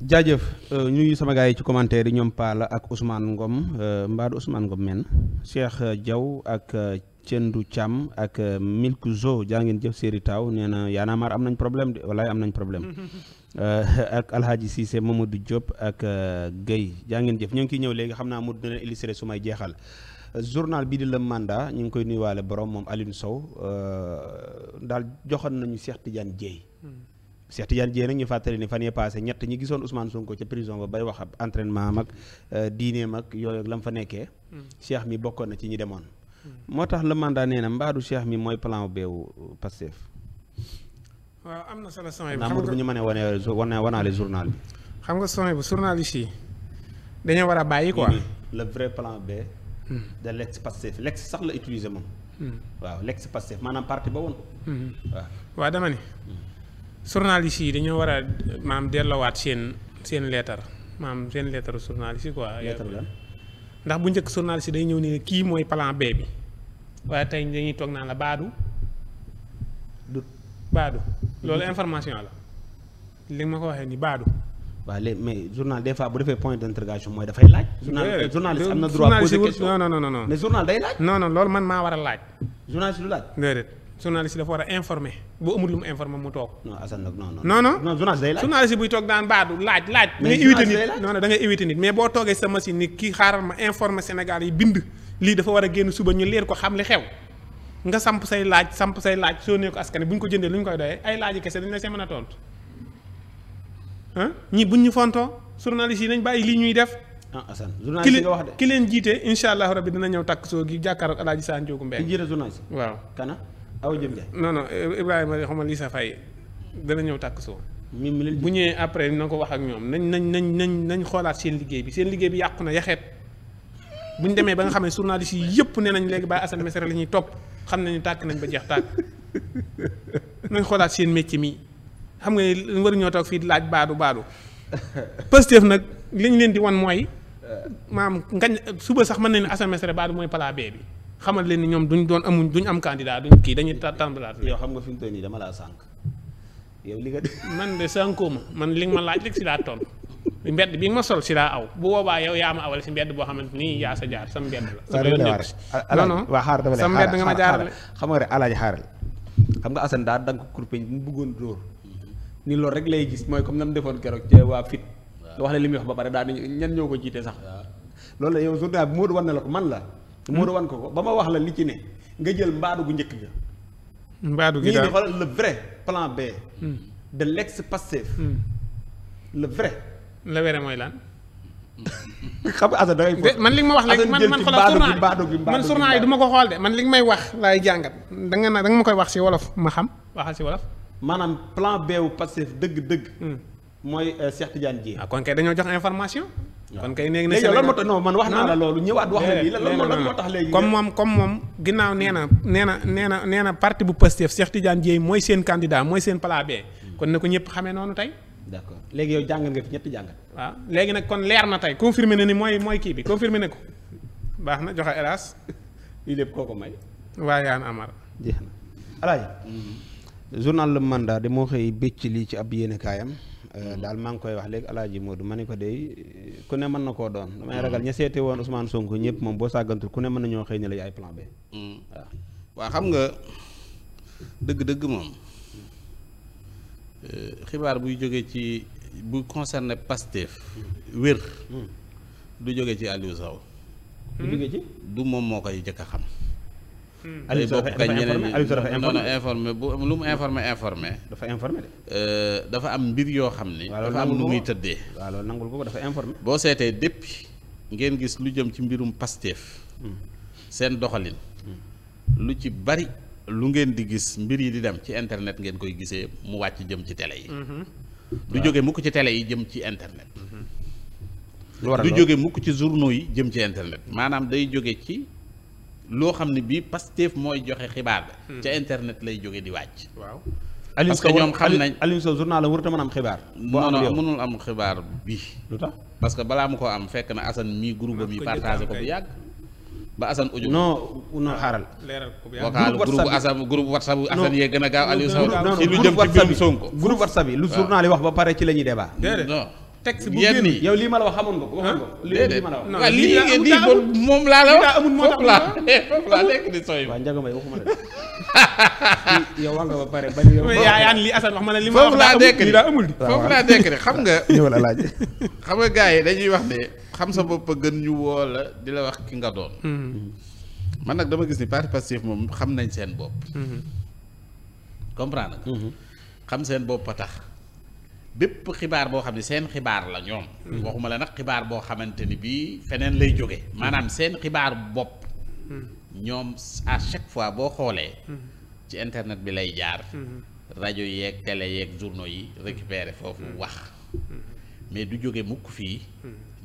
jaajëf euh, ñuy sama gars yi ci commentaire yi ñoom Palla ak Ousmane Ngom euh, mbaadu Ousmane Ngom men Cheikh jaw euh, ak Cendu Thiam ak Milk Zo jaa ngeen jëf séeri taaw nee na Y'en am nañ problème de walaay am nañ problème ak Alhaji Cissé Mamadou Diop ak Guèye jaa ngeen jëf ñoo ngi ciy ñëw léegi xam naa mu dina illustré su may jeexal journal bii di la Mandat ñu ngi koy nuyuwaale borom moom alinu Sow daal joxoon nañu Cheikh Tidiane Dièye hmm. Cheikh Tidiane Dièye nag ñu fàttali ni fan yee passé ñett ñi gisoon Ousmane Sonko ca prison ba bay wax ab entraînement mag euh, diine mag yooyu ak la mu fa nekkee. Mm. Cheikh mi bokkoon na ci ñi demoon. Mm. moo tax le mandat nee na mbaadu Cheikh mi mooy plan beewu Pastef. waaw am na solo sama xam nga bu ñu mënee wane wane wanaale journal bi. xam nga sama bu journaliste yi dañoo war a bàyyi quoi. le vrai plan B. Mm. de l'ex Pastef l'ex sax la utiliser moom. waaw l'ex Pastef maanaam parti ba woon. waaw waaw journaliste yi dañoo war a maam dellowaat seen seen leetar maam seen leetar journaliste yi quoi. leetar la ndax bu njëkk journaliste yi day ñëw ni kii mooy plan bi waaye tey dañuy toog naa la baadu. du baadu loolu information la li ma ko waxee ni baadu. waaw léegi mais journal des bu defee point d'interrogation mooy dafay laaj. journal journaliste am na droit poser question non non non non. mais journal day laaj. non non loolu man maa war a laaj. journaliste du laaj journaliste dafa war a informer boo amul lu mu informer mu toog. non Assane nag non non. non non journaliste day laaj journaliste buy toog daan baadu laaj laaj. mais invité nit non non da ngay invité nit mais boo toogee sa machine ni kii xaaral ma informer Sénégal yi bind lii dafa war a génn suba ñu leer ko xam li xew. nga samp say laaj samp say laaj soo nee ko askan bu ñu ko jëndee lu ñu koy doyee ay laaj kese dañ la see mën a tontu ah ñii buñ ñu fontoo journaliste yi nañ bàyyi lii ñuy def. ah Assane journaliste yi nga wax de. ki leen jiite incha allah rabbi ñëw takk soo gi jàkkaaroog El Hadj Sa Ndiogou Mbengue. ki jiite journaliste waaw kana awa jëm de. non non Ibrahima de xam nga Lissa Faye dana ñëw tàkk soo. mi mi bu ñëwee après na ko wax ak ñoom nañ nañ nañ nañ nañ xoolaat seen liggéey bi seen liggéey bi yàqu na yaxeet bu ñu demee ba nga xam ne journaliste yi yëpp nee nañ léegi Baye Assane Mesere la ñuy topp xam nañu tàkk nañ ba jeex tàkk nañ xoolaat seen métier mi xam nga ne war ñoo toog fii laaj baadu baadu Pastef nag li ñu leen di wan mooy maam ngañ suba sax mën nañu Assane Mesere baadu mooy palaa bi. xamal leen ni ñoom duñ doon amuñ duñ am candidat duñ kii dañuy tàmbalaat. yow xam nga fi mu toll nii dama laa sànq. yow li nga man de sànkoo ma man li nga ma laaj rek si laa toll mbedd bi nga ma sol si laa aw bu boobaa yow yaa ma awal si mbedd boo xamante ni yaa sa jaar sam mbedd la. non non sam mbedd nga ma jaarale. xam nga rek alaaji xaaral xam nga Assane daal da nga ko kurpeñ bu mu bëggoon dóor ni loolu rek lay gis mooy comme nam defoon keroog ci waa fit wax ne li wax ba pare daal ñan ñoo ko jiite sax loolu la yow journal bi moo na la ko man la Modou wan ko ko ba ma wax la li ci ne nga jël mbaadu gu njëkk ga mbaadu gi daal le vrai plan B. Hmm. de l'ex Pastef. Hmm. le vrai. la wéré mooy lan. xam nga da ngay man li nga ma wax léegi man man xoolal journal man journal yi du ma ko xool man li nga may wax laay jàngat da nga da nga ma koy wax si wolof ma xam waxal si wolof. maanaam plan B wu Pastef dëgg-dëgg. Hmm. mooy euh, Cheikh Tidiane ji ah kon kay dañoo jox information. kon kay léegi nag lan moo tax non man wax naa la loolu ñëwaat wax na lii lan lan moo tax léegi. comme moom comme moom ginnaaw nee na nee na nee na nee na parti bu Pastef Cheikh Tidiane Dièye mooy seen mooy seen plan kon na ko ñëpp xamee noonu tey. d'accord léegi yow jàngal nga fi léegi nag kon leer na tey confirmé na ni mooy mooy kii bi confirmé na ko baax na joxe hélas. lii lépp koo ko may. waaye yaa jeex na Alaaji mm-hmm. journal Le Mandat de moo xëy bëcc lii ci ab yéene kaayam. Euh, mm-hmm. daal maa ngi koy wax léegi alaaji du ma ne ko dey ku ne mën na koo doon damay ragal ña seete woon Ousmane Sonko ñëpp moom boo sàggantul ku ne mën na ñoo xëy ne la ay plan B mm-hmm. waa xam nga dëgg-dëgg moom euh, xibaar buy jóge ci bu concerné Pastef mm-hmm. wér du jóge ci Aliou Sow du jóge ci du moom moo koy jëkk a xam Aliou Sow dafa informé Aliou Sow lu mu informé informé. dafa informé de. Euh, dafa am mbir yoo xam ne. dafa am lu muy tëddee. waaw loolu nangul ko dafa boo seetee depuis ngeen gis lu jëm ci mbirum Pastef. Hmm. seen doxalin. Hmm. lu ci bari lu ngeen di gis mbir yi di dem ci internet ngeen koy gisee mu wàcc jëm ci tele yi. Hmm. du jóge mukk ci télé yi jëm ci internet. lu waral du jóge mukk ci journaux yi jëm ci internet maanaam day jóge ci. loo xam ne bii Pastef mooy joxe xibaar ba hmm. ca internet lay jóge di wàcc waaw parce que ñoom xam nañ Aliou Sow journal la warut a mën am xibaar non non mënul am xibaar bi lu tax parce que balaa mu ko am fekk na Assane mii groupe am yi partagé ko bu yàgg ba Assane uju non non xaaral vocal WhatsApp bu Assane yee gën a gaaw Aliou ci lu jëm ci mbirum Sonko groupe WhatsApp yi lu ah. journal yi wax ba pare ci la ñuy débat texte bu génn yow lii ma la wax xamoon nga ko waxoon nga ko lii ma la wax. waaw lii ngeen di bon moom wax foofu laa foofu di sooy. yow wax nga ba pare a yow. yaa yaa ma ne li ma wax daa amul lii foofu laa dekk de xam nga. ñëwal alaaj xam nga gaa yi dañuy wax ne xam sa bopp gën ñu woo di la wax ki nga doon. Hmm. man nag dama gis ni parti Pastef moom xam nañ seen bopp. Hmm. comprendre nga. Hmm. xam seen bopp a tax. bépp xibaar boo xam ne seen xibaar la ñoom. Mm. waxuma la nag xibaar boo xamante ni bii feneen lay jóge mm. maanaam seen xibaar bopp. Mm. ñoom à chaque fois boo xoolee. ci internet bi lay jaar. rajo yeeg télé yeeg journaux yi récupéré foofu wax. mais du jóge mukk fii.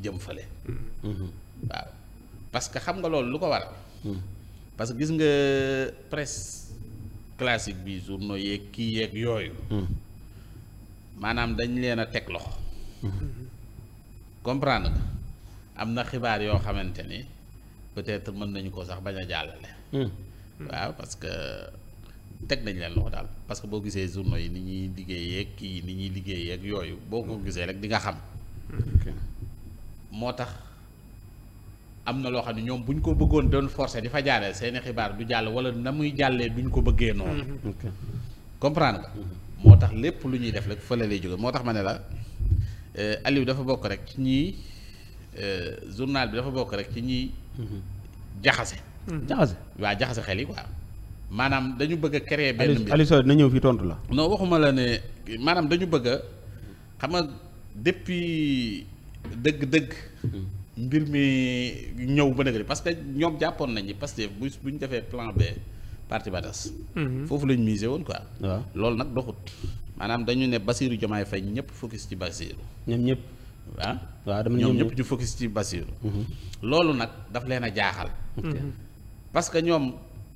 jëm fële. Mm-hmm. waaw parce que xam nga loolu lu ko waral. parce que gis nga presse classique bi journaux yeeg kii yeeg yooyu. maanaam dañ leen a teg loxo comprendre nga am na xibaar yoo xamante ni peut-être mën nañu ko sax bañ a jàllale. Hmm. waaw parce que teg nañ leen loxo daal parce que boo gisee journaux yi ni ñuy liggéeyee ak kii ni ñuy liggéeyee ak yooyu boo ko gisee rek di nga xam. moo tax am na loo xam ne ñoom bu ñu ko bëggoon doon forcer di fa jaaree seeni xibaar du jàll wala na muy jàllee duñ ko bëggee noonu. Hmm. comprendre nga. Mhm. moo tax lépp lu ñuy def rek fële lay jóge moo tax ma ne la eh, Aliou dafa bokk rek ci ñii eh, journal bi dafa bokk rek ci ñii. Mhm. jaxase. Mhm. jaxase waa jaxase xel yi quoi. maanaam dañu bëgg a créer benn mbir Aliou Sow na ñëw fi tontu la. non waxuma la ne maanaam dañu bëgg a xam nga depuis dëgg-dëgg. mbir mi ñëw ba dëgg parce que ñoom jàppoon nañu parce que bu bu ñu defee plan B. parti ba tas. Mhm. foofu lañ misé woon quoi. waaw loolu nag doxut. maanaam dañu ne basiiru Diomaye Faye ñëpp focus ci Basirou. ñoom ñëpp. ah waaw dama ñoom ñëpp ñu focus ci Basirou. Mhm. loolu nag daf leen a jaaxal. parce que ñoom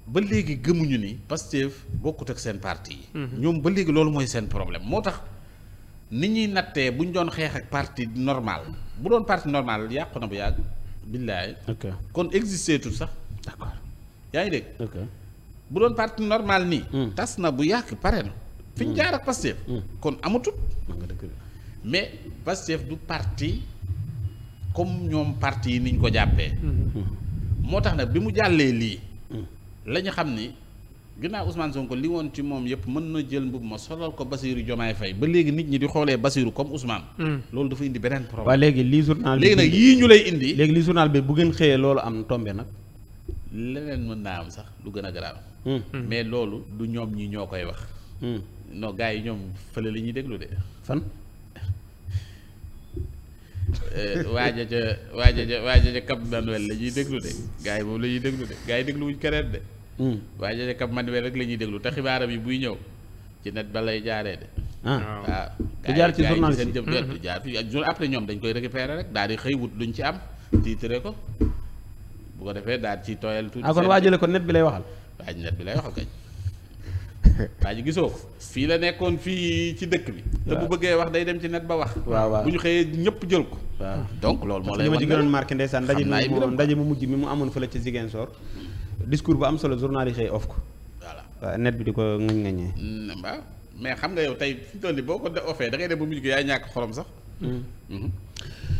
ba léegi gëmuñu ni Pastef bokkut ak seen parti yi. Mhm. ñoom ba léegi loolu mooy seen problème moo tax nit ñuy nattee bu ñu doon xeex ak parti normal bu doon parti normal yàqu na bu yàgg. billaay. kon existé tout sax yaa ngi dégg. bu doon parti normal nii. Hmm. tas na bu yàgg pare na. fi ñu hmm. jaar ak Pastef. Hmm. kon amatut. mais Pastef du parti comme ñoom parti yi ko jàppee. moo tax nag bi mu jàllee lii. la ñu xam ni ginnaaw Ousmane Sonko li woon ci moom yëpp mën na jël mbubb ma solal ko Basirou Diomaye fay ba léegi nit ñi di xoolee Basirou comme Ousmane. loolu dafa indi beneen problème. waaw léegi lii journal bi léegi nag yii ñu lay indi. léegi li journal bi bu ngeen xëyee loolu am tombe nag. leneen mën naa am sax lu gën a garaaw. Hmm. Hmm. mais loolu du ñoom ñi ñoo koy wax. Hmm. non gaa yi ñoom fële la ñuy déglu de. fan. Euh, waaja ca waaja ca waaja ca Cap Manuel la ñuy déglu de gars yi moom la ñuy déglu de gars yi dégluwuñ keneen de. waaja ca Cap Manuel rek la ñuy déglu te xibaaram yi buy ñëw ci net ba lay jaaree de. ah, ah. waaw jaar ci journal seen jëm jot jaar fi ak jour après ñoom dañ koy récupérer rek daal di xëy wut luñ ci am tiitre ko bu ko defee daal ci tooyal tuuti. ah kon waajale ko net bi lay waxal. waa ji net bi lay waxal kañ waa ji gisoo ko fii la nekkoon fii ci dëkk bi. te bu bëggee wax day dem ci net ba wax. waaw waaw bu ñu xëyee ñëpp jël ko. waaw donc loolu moo lay wax. li ma ci gënoon marqué ndeysaan ndaje mu ndaje mu mujj mi mu amoon fële ca Ziguinchor. discours bu am solo journal yi xëy of ko. voilà net bi di ko ŋañ ŋañee. Mm, waaw mais xam nga yow tey fi mu toll nii boo ko offee da ngay dem ba mujj ko yaay ñàkk xorom sax. Mm. Mm-hmm.